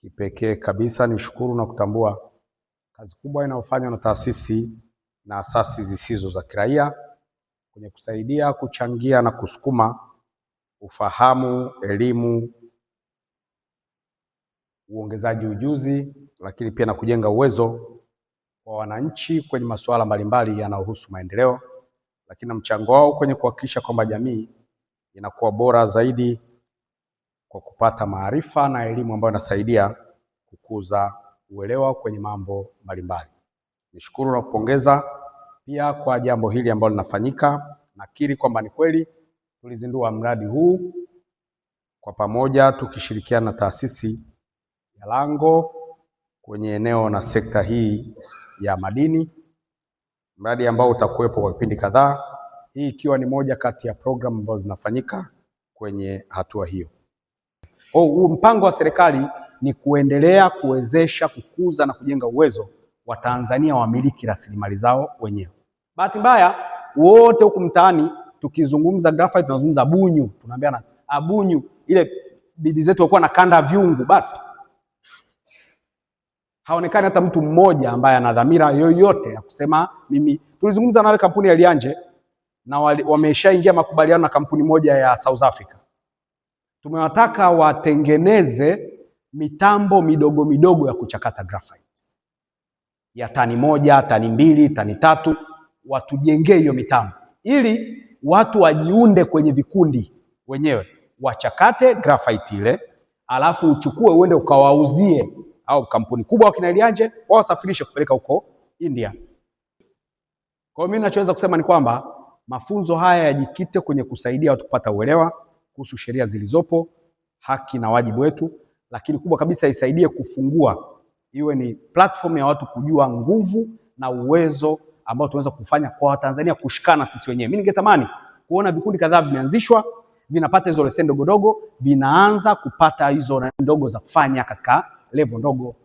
Kipekee kabisa nishukuru na kutambua kazi kubwa inayofanywa na taasisi na asasi zisizo za kiraia kwenye kusaidia, kuchangia na kusukuma ufahamu, elimu, uongezaji ujuzi, lakini pia na kujenga uwezo kwa wananchi kwenye masuala mbalimbali yanayohusu maendeleo, lakini na mchango wao kwenye kuhakikisha kwamba jamii inakuwa bora zaidi kwa kupata maarifa na elimu ambayo inasaidia kukuza uelewa kwenye mambo mbalimbali. Nishukuru na kupongeza pia kwa jambo hili ambalo linafanyika. Nakiri kwamba ni kweli tulizindua mradi huu kwa pamoja tukishirikiana na taasisi ya Lango kwenye eneo na sekta hii ya madini, mradi ambao utakuwepo kwa vipindi kadhaa, hii ikiwa ni moja kati ya programu ambazo zinafanyika kwenye hatua hiyo. Huu mpango wa serikali ni kuendelea kuwezesha kukuza na kujenga uwezo wa Tanzania wamiliki rasilimali zao wenyewe. Bahati mbaya wote huku mtaani tukizungumza graphite tunazungumza bunyu, na abunyu. Ah, ile bibi zetu walikuwa na kanda vyungu, basi haonekani hata mtu mmoja ambaye ana dhamira yoyote ya kusema mimi. Tulizungumza na kampuni ya Lianje na wameshaingia makubaliano na kampuni moja ya South Africa tumewataka watengeneze mitambo midogo midogo ya kuchakata graphite ya tani moja, tani mbili, tani tatu, watujengee hiyo mitambo ili watu wajiunde kwenye vikundi wenyewe, wachakate graphite ile, alafu uchukue uende ukawauzie au kampuni kubwa wakina Elianje, wawasafirishe wasafirishe kupeleka huko India. Kwa hiyo mimi ninachoweza kusema ni kwamba mafunzo haya yajikite kwenye kusaidia watu kupata uelewa kuhusu sheria zilizopo, haki na wajibu wetu, lakini kubwa kabisa isaidie kufungua, iwe ni platform ya watu kujua nguvu na uwezo ambao tunaweza kufanya kwa Watanzania kushikana sisi wenyewe. Mimi ningetamani kuona vikundi kadhaa vimeanzishwa vinapata hizo leseni ndogo ndogo, vinaanza kupata hizo ndogo za kufanya katika levo ndogo